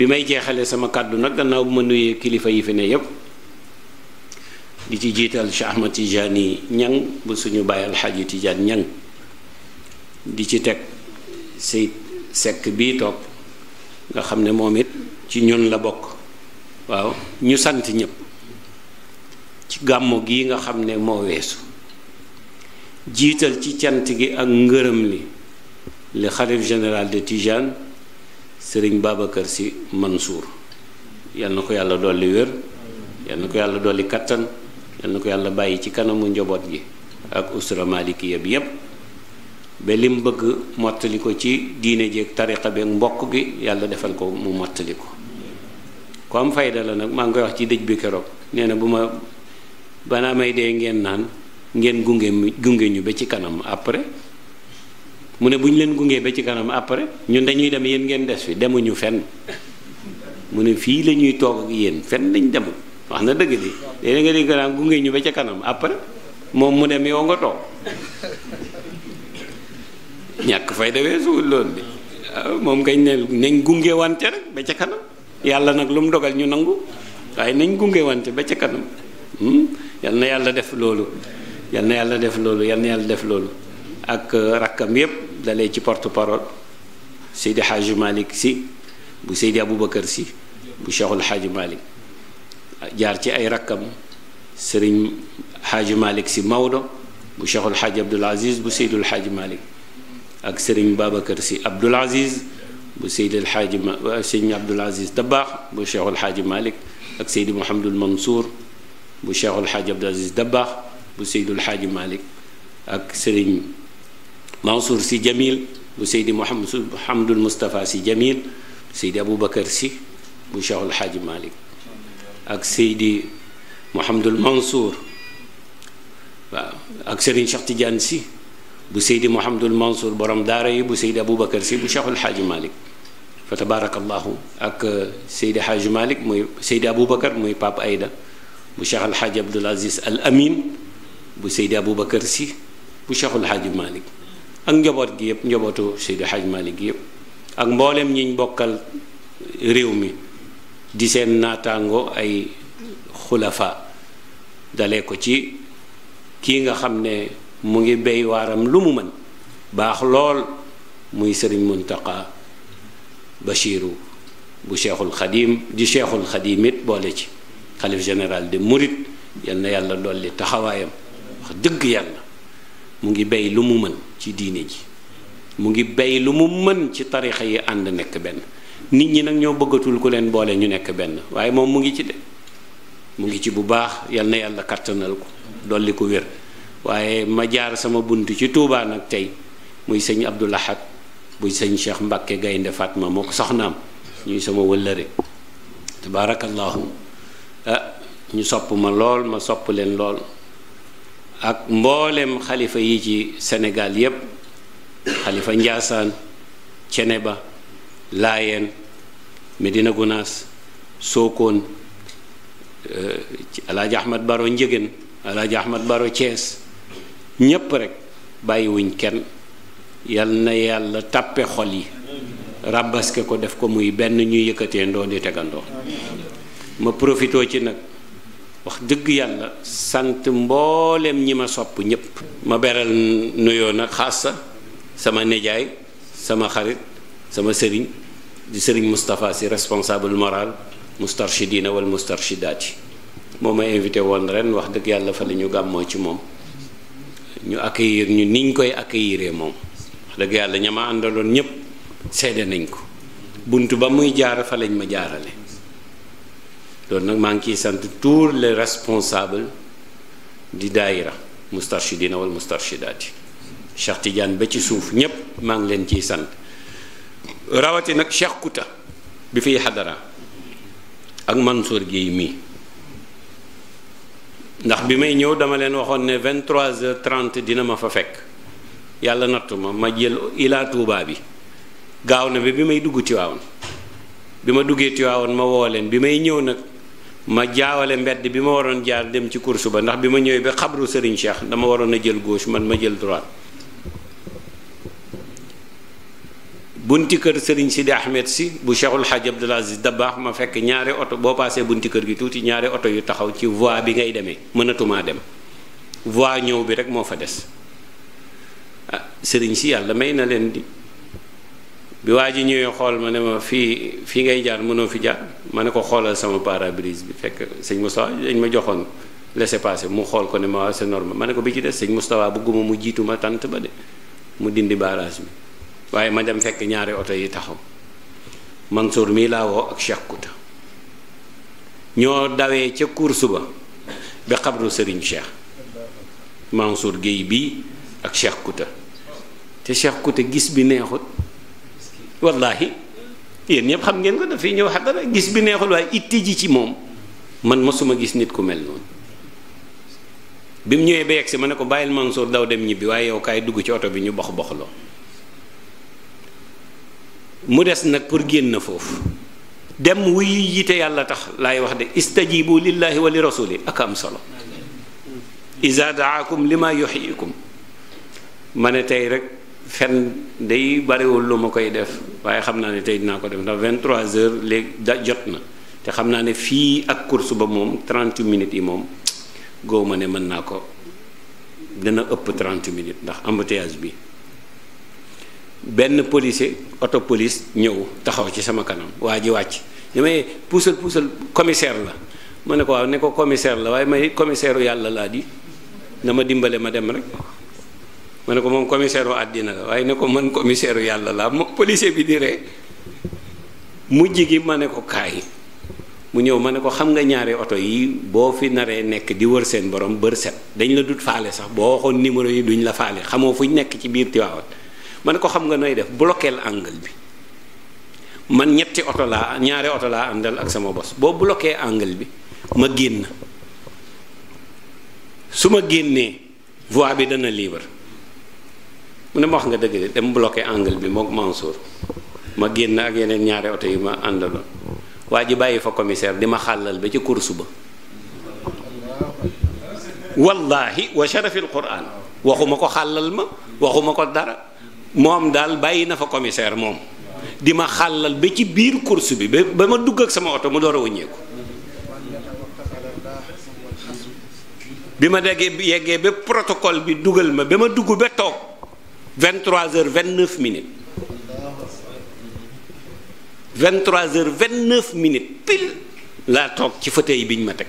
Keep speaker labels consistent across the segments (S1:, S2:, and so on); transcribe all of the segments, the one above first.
S1: bi may jeexale sama kàddu nag gannaaw bu ma nuyee kilifa yi fi ne yépp di ci jiital Cheikh Ahmad Tidiane ñang bu suñu bàyyi alxaaji Tidiane ñan di ci teg say sekk bi toog nga xam ne moom it ci ñun la bokk waaw ñu sant ñëpp ci gàmmu gi nga xam ne moo weesu jiital ci cant gi ak ngërëm li le xalif général de Tidiane sëriñ Babacar Sy Mansour yal na ko yàlla dolli wér yal na ko yàlla dolli kattan yal na ko yàlla bàyyi ci kanamu njaboot gi ak usra malikiya bi yépp ba lim bëgg mottali ko ci diine ji ak tariqa bi ak mbokk gi yàlla defal ko mu mottali ko ku am fayda nag maa ngi koy wax ci dëj bi keroog nee na bu ma banaa may dee ngeen naan ngeen gunge gunge ñu ba ci kanam après mu ne bu ñu leen gungee ba ci kanam après ñun dañuy dem yéen ngeen des fi demuñu fenn mu ne fii la ñuy toog ak yéen fenn lañ demul wax na dëgg di léeg nga di gannaaw gungee ñu ba ca kanam après moom mu dem yow nga toog ñàkk fay dawee suul loolu bi ah, moom kañ ne nañ gunge wante rek ba ca kanam yàlla nag lu mu dogal ñu nangu waaye nañ gunge wante ba ca kanam hmm? yal na yàlla def loolu yal yàlla def loolu yal yàlla def loolu ak euh, rakkam yépp dalee ci porte parole Seydi Hadji Malick si bu Seydi Aboubacar si bu Cheikhul Hadji Malick jaar ci ay rakkam Serigne Hadji Malick si Maodo bu Cheikhul Hadji Abdoul Aziz bu Seydul Hadji Malick ak Serigne Babacar si Abdoul Aziz bu Seydil Hadji ma Serigne Abdoul Aziz Dabakh bu Cheikhul Hadji Malick ak Seydi Mouhamadul Mansour bu Cheikhul Hadji Abdoul Aziz Dabakh bu Seydul Hadji Malick ak Serigne. Mansour si Jamil bu Seydi Mouhamadul Moustapha si Jamil Seydi Aboubacar si bu Cheikhul Xaaji Malik ak Seydi Mouhamadul Mansour waaw ak Serigne Cheikh Tidiane si bu Seydi Mouhamadul Mansour borom daara yi bu Seydi Aboubacar si bu Cheikhul Xaaji Malik fa tabarakallahu ak euh, Seydi Xaaji Malik muy Seydi Aboubacar muy Pape Aida bu Cheikh Al Xaaji Abdoul Aziz Al Amin bu Seydi Aboubacar si bu Cheikhul Xaaji Malik ak njaboot gi yëpp si Seydi Hadj Malick gi yëpp ak mboolem ñiñ bokkal réew mi di seen naataango ay xulafa dale ko ci kii nga xam ne mu ngi béy waaram lu mu mën baax lool muy sëriñ Muntaqa Bachiru bu cheikhul xadim di cheikhul xadim it boole ci xalif général de murit yal na yàlla dolli taxawaayam wax dëgg yàlla mu ngi béy lu mu mën ci diine ji mu ngi bay lu mu mën ci tarixa yi ànd nekk benn nit ñi nag ñoo bëggatul ku leen boole ñu nekk benn waaye moom mu ngi ci de mu ngi ci bu baax yal na yàlla kattanal ko dolli ko wér waaye ma jaar sama bunt ci tuubaan nag tey muy sëñ Abdou Lahad buy sëñ Cheikh Mbacke Gaynde Fatma moo ko soxnaam ñuy sama wëllëre tabaarakallaahu ah ñu sopp ma lool ma sopp leen lool ak mboolem xalifa yi ci Sénégal yépp xalifa Njaasaan Ceneba Laayeen Medina Gunaas Sookoon euh, alaaji Ahmad Baro Njëgéen alaaji Ahmad Baro Cees ñépp rek bàyyiwuñ kenn yal na yàlla tàppe xol yi ràbbaske ko def ko muy benn ñuy yëkkatee ndoo di tegandoo ma profitoo ci nag wax dëgg yàlla sant mboolem ñi ma sopp ñépp ma beral nuyoo nag xaasa sama nijaay sama xarit sama sëriñ di sëriñ Moustapha si responsable moral mustarshidina wal mustarshidaati moo ma invité woon ren wax dëgg yàlla fa la ñu gàmmoo ci moom ñu accueillir ñu niñ koy accueillir moom wax dëgg yàlla ña ma àndaloon ñépp seede nañ ko bunt ba muy jaar fa lañ ma jaarale loolu nag maa ngi ciy sant tous les responsables di daayira mustarshidina wal mustarshidaati Cheikh Tidiane ba ci suuf ñépp maa ngi leen ciy sant rawati nag Cheikh Kouta bi fiy xadara ak Mansour Guèye mii ndax bi may ñëw dama leen waxoon ne 23h30 dina ma fa fekk yàlla nattu ma ma jël ilaa Touba bi gaaw na ba bi may dugg Tiwaawan bi ma duggee Tiwaawan ma woo leen bi may ñëw nag ma jaawale mbedd bi ma waroon jaar dem ci course ba ndax bi ma ñëwee ba xabru Serigne Cheikh dama waroon a jël gauche man ma jël droite bunti kër sëriñ si Sidi Ahmed si bu Cheikhul Hadj Abdoul Aziz Dabakh ma fekk ñaari oto boo paasee bunti kër gi tuuti ñaari oto yu taxaw ci voie bi ngay demee mënatumaa dem voie ñëw bi rek moo fa des ah Serigne si yàlla may na leen di. bi waa ji ñëwee xool ma ne ma fii fi ngay jaan mënoo fi jaar ma ne ko xoolal sama pare-brise bi fekk sëñ Moustapha dañ ma joxoon laissez-passer mu xool ko ne ma waaw c'est normal ma ne ko bi ci des sëñ Moustapha bëgguma mu jiitu ma tant ba de mu dindi barrage bi waaye ma dem fekk ñaari oto yi taxaw Mansour mii laa woo ak Cheikh Kouta ñoo dawee ca course ba ba xabru Serigne Cheikh Mansour Guèye bii ak Cheikh Kouta te Cheikh Kouta gis bi neexut. wallahi yéen ñëpp xam ngeen ko daf fiy ñëw xadara gis bi neexul waaye itti ji ci moom man ma masuma gis nit ku mel noonu bi mu ñëwee ba yegg si ma ne ko bàyyil Mansour daw dem ñibbi waaye yow kaay dugg ci oto bi ñu box boxloo mu des nag pour génn foofu dem wuy yiite yàlla tax laay wax de istajibu lillahi wa li ak am solo iza daakum lima yuhyikum ma ne tey rek fen day bariwul lu ma koy def waaye xam naa ne tey dinaa ko def ndax 23 heures léegi da jot na te xam naa ne fii ak course ba moom 30 minutes yi moom góob ma ne mën naa ko dana ëpp trent minutes ndax embouteillage bi benn policier auto police ñëw taxaw ci sama kanam waa ji wàcc li may puusal puusal commissaire la ma ne ko waaw ne ko commissaire la waaye may commissaire yàlla laa di na ma dimbale ma dem rek. ma ne ko moom commissaire u àddina la waaye ne ko man commissaire u yàlla laa moom policier bi di ree mujj gi ma ne ko kaay mu ñëw ma ne ko xam nga ñaari oto yi boo fi naree nekk di wër seen borom bër set dañu la dut faale sax boo waxoon numéro yi duñ la faale xamoo fuñ nekk ci biir Tiwaawan ma ne ko xam nga nooy def bloqueel angle bi man ñetti oto laa ñaari oto laa àndal ak sama bos boo bloqué angle bi ma génn su ma génnee voie bi dana libre mu ne ma wax nga dëgg de dem bloqué angle bi mook Mansour ma génn ak yeneen ñaari oto yi ma àndaloon waa ji bàyyi fa commissaire di ma xàllal ba ci course ba wallahi wa waxuma ko xàllal ma waxuma ko dara moom daal bàyyi na fa commissaire moom di ma xàllal ba ci biir course bi ba ma dugg ak sama oto mu door a wëññeeku bi ma deggee bi yeggee ba protocole bi dugal ma ba ma dugg ba toog 23 heures 29 minutes 23 heures 29 minutes pile laa toog ci fauteuil bi ñu ma teg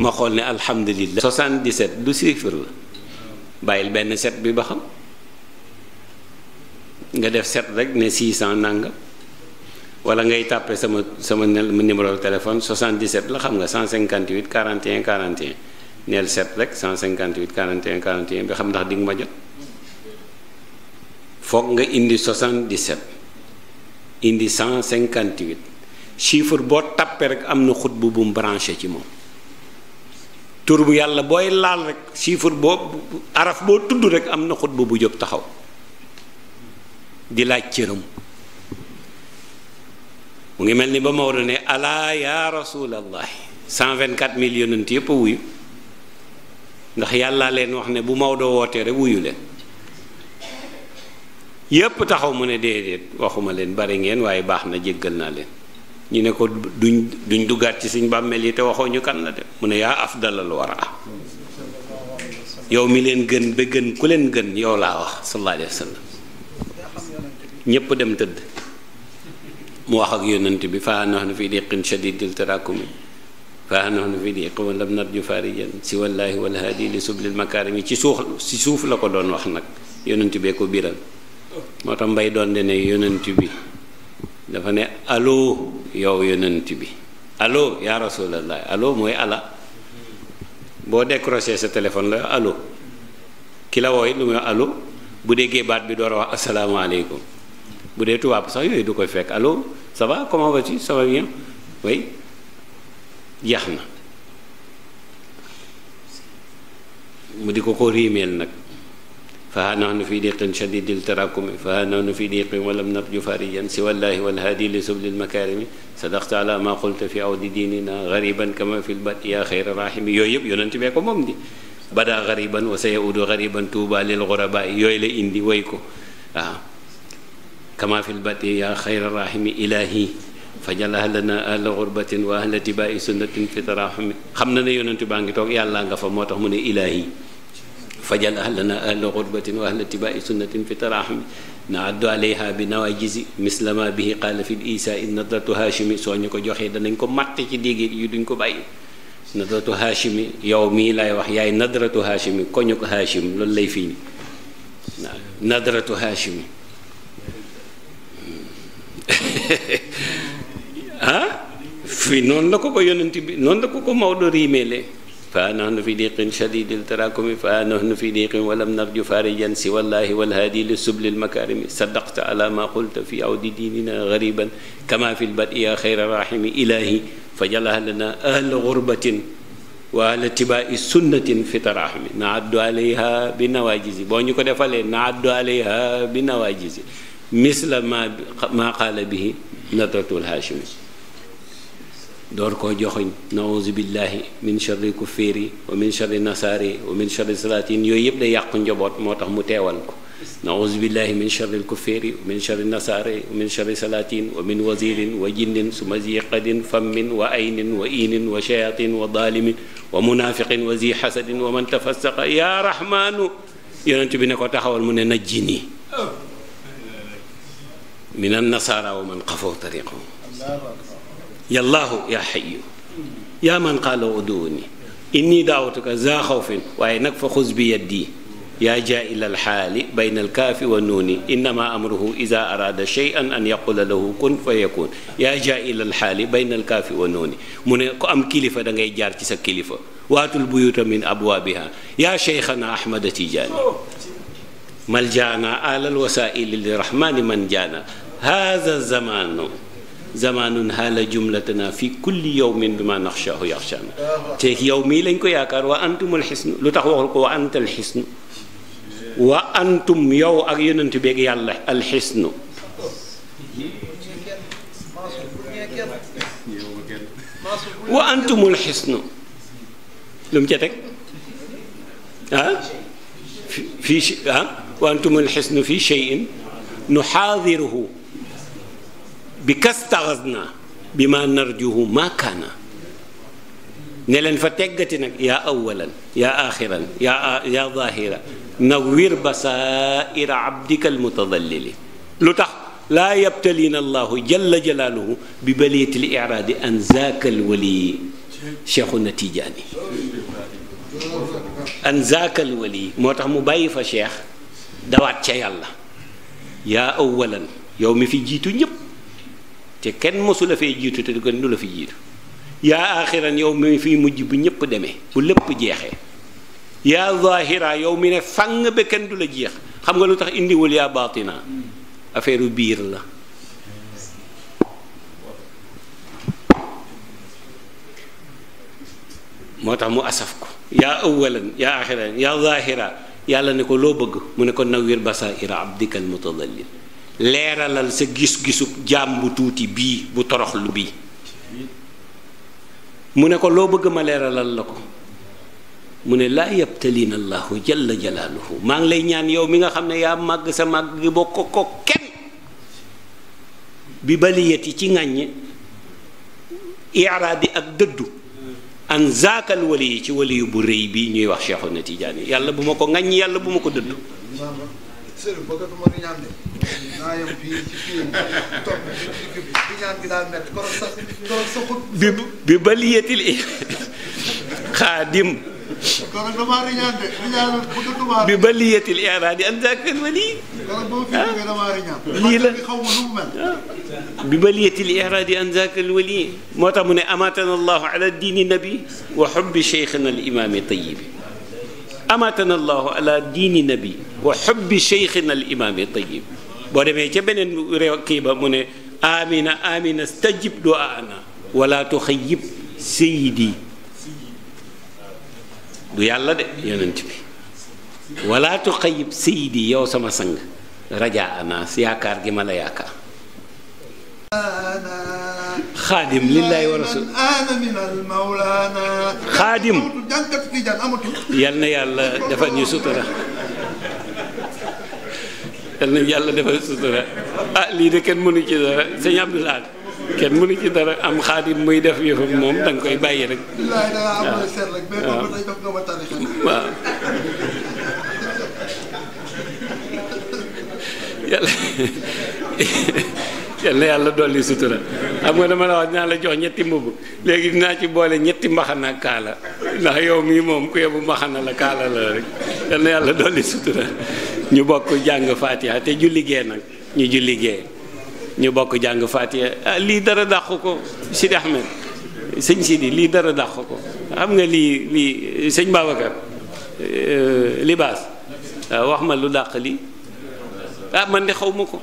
S1: ma xool ne alhamdulilah. 77 du chiffre la bàyyil benn set bi ba xam nga def set rek ne 600 nangam wala ngay tàppe sama sama numéro téléphone 77 la xam nga 158 41 41 neel set rek 158 41 41 bi xam ndax di nga ma jot. foog nga indi 77 indi 158 chiffre boo tappee rek am na xutbu bu mu branché ci moom tur bu yàlla booy laal rek chiffre boo araf boo tudd rek am na xutbu bu jóg taxaw di laaj cëram mu ngi mel ni ba Maodo ne alaa yaa rasulallahi 124 mille yonent yëpp a wuyu ndax yàllaa leen wax ne bu Maodo wootee rek wuyu leen yépp taxaw mu ne déedéet waxuma leen bari ngeen waaye baax na jéggal naa leen ñu ne ko duñ duñ duggaat ci suñ bàmmeel yi te waxoo ñu kan la de mu ne yaa afdalal wara yow mi leen gën ba gën ku leen gën yow laa wax sallallahu alayhi wa ñépp dem tëdd mu wax ak yonent bi fa nahnu fi diqin shadidil tarakumi fa nahnu fi diqin wa lam narju farijan si wallahi wal hadi li sublil makarimi ci suuf ci suuf la ko doon wax nag yonent bee ko biral moo tax mbay doon ne yonent bi dafa ne allo yow yonent bi allo yaa rasulallah allo mooy ala boo décroché sa téléphone la allo ki la wooy lu muy allo bu déggee baat bi door a wax asalaamaaleykum bu dee tubaab sax yooyu du koy fekk allo ça comment vas-tu ça va bien oui na mu di ko ko riimeel nag fahaa nahnu fi diqin shadidil tarakumi fahaa nahnu fi diqin walam narju fariyan siwallaahi walhaadi li sublil makaarimi sadaqta ala ma qulta fi awdi diinina gariban kama fil bad yaa xayra raahimi yooyu yëpp yonent bee ko moom di badaa gariban wa sayaudu gariban tuuba lil gurabaa yooyu la indi woy ko waaw kama fil bad yaa xayra raahimi ilaahi fajal ahlana ahla gurbatin wa ahla tibaa'i sunnatin fi tarahumi xam na ne yonent baa ngi toog yàllaa nga fa moo tax mu ne ilaahi fajal ahlana ahla xurbatin wa ahla tibaai sunnatin fi taraxami naaddu aleyha bi nawajisi mislama bihi qaala fi isa in nadratu hashimi soo ñu ko joxee danañ ko matt ci dégg yu duñ ko bàyyi nadratu hashimi yow mii lay wax yaay nadratu hashimi koñu ko hashim loolu lay fii waaw nadratu hashimi ah fii noonu la ko ko yonent bi noonu la ko ko Maodo riimeele fa nahnu fi diqin shadidil taraakumi fa nahnu fi diqin walam narju farijan si wallaahi walhaadi li subli lmakarimi saddaqta ala ma qulta fi awdi diinina gariban kama fi lbadi ya xayra rahimi ilahi fajalah lana ahla gurbatin wa ahla tibaai sunnatin fi tarahumi na addu alayha bi nawajisi boo ñu ko defalee na addu alayha bi nawajisi misla ma ma qaala bihi nadratul haashimi door koo joxoñ naouzu billahi min sharri kuféeri wa min sharri nasaari wa min sharri salaatin yooyu yëpp day yàqu njaboot moo tax mu teewal ko naouzu billahi min sharri kuféeri wa min sharri nasaari wa min sharri salaatin wa min wazirin wa jinnin suma ziqadin fammin wa aynin wa iinin wa shayatin wa daalimin wa munaafiqin wa zi xasadin wa man tafassaqa yaa rahmaanu yonent bi ne ko taxawal mu ne najjini oh. min an nasaara wa man xafoo tariqahu يا الله يا حي يا من قال ادعوني إني دعوتك ذا خوف وعينك فخذ بيدي يا جائل الحال بين الكاف والنون إنما أمره إذا أراد شيئا أن يقول له كن فيكون يا جائل الحال بين الكاف والنون mu ne ku am kilifa da ngay jaar ci sa kilifa waatul buyuta min abwaabiha yaa cheikhana Ahmada Tijaani maljaana alal wasaa'ili lirahmaani man jaana haza zamanu zamanun haala jumlatana fi kulli yawmin bi ma naxshaahu yaxshaana te yow mii lañ ko yaakaar wa antumul xisnu lu tax waxul ko wa antal xisnu wa antum yow ak yonent beeg yàlla alxisnu wa antumul xisnu lu mu ca teg ah fii ah wa antumul xisnu fii cheyin nu xaadiruhu bi kastaxasna bi ma narjuhu ma kaana ne leen fa teggati nag yaa awalan yaa axiran yaa yaa zahira nawwir basaira abdika almutadallili lu tax laa yabtaliina allahu jalla jalaaluhu bi baliyati l iraadi an zaaka alwali cheikhuna tijaani an zaaka alwali moo tax mu bàyyi fa cheikh dawaat ca yàlla yaa awalan yow mi fi jiitu ñëpp te kenn mosu la fee jiitu te du la fi jiitu yaa aaxiran yow mi fiy mujj bu ñëpp demee bu lépp jeexee yaa zahira yow mi ne fang ba kenn du la jeex xam nga lu tax indiwul yaa baatina affaire biir la moo tax mu asaf ko yaa awalan yaa axiran yaa zahira yàlla ne ko loo bëgg mu ne ko nawwir basaira abdika almutadallil leeralal sa gis gisu jaam bu tuuti bii bu toroxlu bii mu ne ko loo bëgg ma leeralal la ko mu ne laa yabtalina allahu jalla jalaaluhu maa ngi lay ñaan yow mi nga xam ne yaa màgg sa màgg bokk ko kenn bi baliyati ci ŋàññe iraadi ak dëddu an zaakal wali yi ci wali bu rëy bii ñuy wax Cheikhuna yi yàlla bu ma ko ŋàññ yàlla bu ma ko dëddu bi bi ba liyeeti li xaadim bi ba liyeeti li iraadi an zaakal wali lii la ah. bi ba liyeeti li iraadi an zaakal wali moo tax mu ne amaatana allahu ala diini nabi wa xubbi cheikhina al imaami tayibi amatana allahu ala diini nabi wa xubbi cheikhina al imaami tayyib boo demee ca beneen réew kii ba mu ne amina amina stajib do ana wala tuxayyib sayidi du yàlla de yonent bi wala tuxayyib sayidi yow sama sang rajaa ana yaakaar gi ma la yaakaar xaadim lillahi wa rasul xaadim yal na yàlla defal ñu sutura yal na yàlla defal sutura ah lii de kenn mënu ci dara sëñ Abdoul Ahad kenn mënu ci dara am xaadim muy def yëfam moom da nga koy bàyyi rek waaw waaw yàlla yal na yàlla dolli sutura xam nga dama la wax dinaa la jox ñetti mbubb léegi dinaa ci boole ñetti mbaxana ak kaala ndax yow mii moom ku yebu mbaxana la kaala la rek yal yàlla dolli sutura ñu bokk jàng faatiha te julli gee nag ñu julli gee ñu bokk jàng faatiha ah, lii dara dàqu ko Sidi Ahmed sëñ Sidi lii dara dàq ko am nga lii lii sëñ Babacar eh, libaas ah, wax ma lu dàq lii ah man de xaw ma ko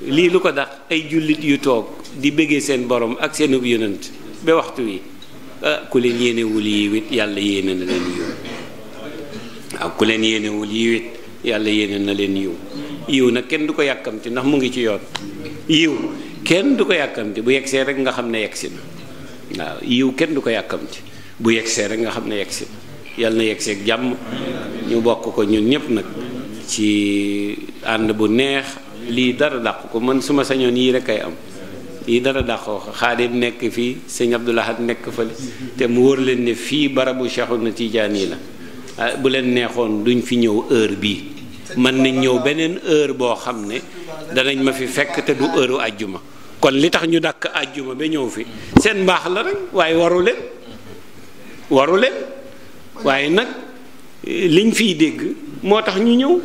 S1: lii lu ko dax ay jullit yu toog di bëggee seen borom ak seenub yonent ba waxtu wi ah ku leen yéenewul yiw yàlla yéene na leen yiw ku leen yéenewul yiw yàlla yéene na leen yiw yiw nag kenn du ko yàkkamti ndax mu ngi ci yoon yiw kenn du ko yàkkamti bu yegsee rek nga xam ne yegsi na waaw yiw kenn du ko yàkkamti bu yegsee rek nga xam ne yegsi na yàlla na yegseeg jàmm ñu bokk ko ñun ñépp nag ci ànd bu neex lii dara dàq ko man su ma sañoon yii rek ay am lii dara dàq ko xaadim nekk fii sëñ Abdou Lahad nekk fële te mu wër leen ne fii barabu Cheikhouna Tidiane la ah, bu leen neexoon duñ fi ñëw heure bii man nañ ñëw beneen heure boo xam ne danañ ma fi fekk te du heure u kon li tax ñu dàkk àjjuma ba ñëw fi seen mbaax la rek waaye waru warule waaye nag eh, liñ fiy dégg moo tax ñu ñëw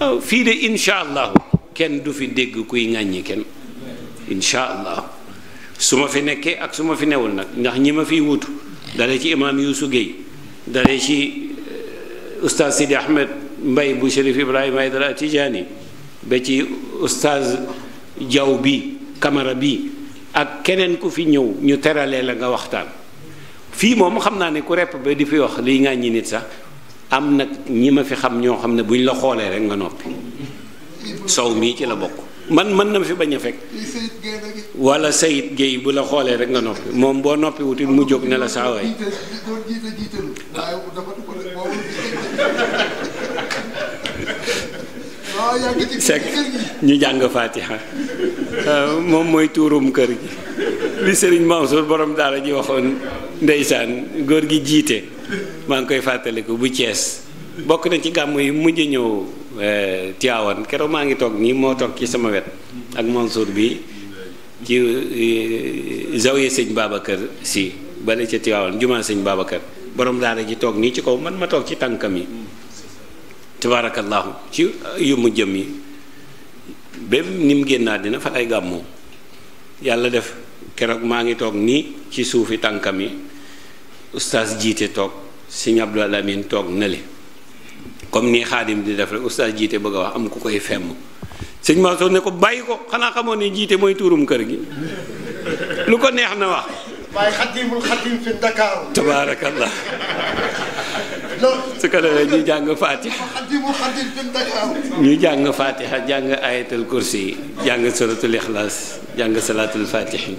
S1: ah, fii de incha allahu kenn du fi dégg kuy ŋàññi kenn incha allah su ma fi nekkee ak su ma fi newul nag ndax ñi ma fiy wutu dale ci imaam Youssou Guèye dale ci eh, ustaz Sidi Ahmed Mbay bu Chérif Ibrahima Aydara Tijaani ba ci ustaz Jaw bi Camara bi ak keneen ku fi ñëw ñu teralee la nga waxtaan fii moom xam naa ni ku repp ba di fi wax liy ŋàññi nit sax am nag ñi ma fi xam ñoo xam ne buñ la xoolee rek nga noppi sow mii ci la bokk man mën na ma fi bañ a fekk wala Sayid Géey bu la xoolee rek nga noppi moom boo noppi wutit mu jóg ne la saaway waay ñu jàng faatiha moom mooy tuurum kër gi li sëriñ Mansour borom daara ji waxoon ndeysaan góor gi jiite maa ngi koy fàttaliku bu Cees bokk na ci gàmm yi mujj ñëw Eh, Tiwaawan keroog maa ngi toog nii moo toog ci sama wet ak Mansour bii ci eh, zawiya sëñ Babacar si bale ca Tiwaawan jumaa sëñ Babacar borom daara ji toog nii ci kaw man ma toog ci tànkam yi tabaarakallaahu ci yu mu jëm yi ba ni mu génnaat dina fa ay gàmmoo yàlla def keroog maa ngi toog nii ci suufi tànkam yi ustaas jiite toog si Abdul Amin toog nale comme nii xaadim di def rek oustaz jiite bëgg a wax am ku koy femm sëñ Mansour ne ko bàyyi ko xanaa xamoon ne jiite mooy tuurum kër gi lu ko neex na wax. waaye xatimul xatim fi Dakar. tabaarakallah. su ko defee ñu jàng Fatiha. ñu jàng Fatiha jàng ayatul kursi jàng suratul ixlaas jàng salaatul fatihi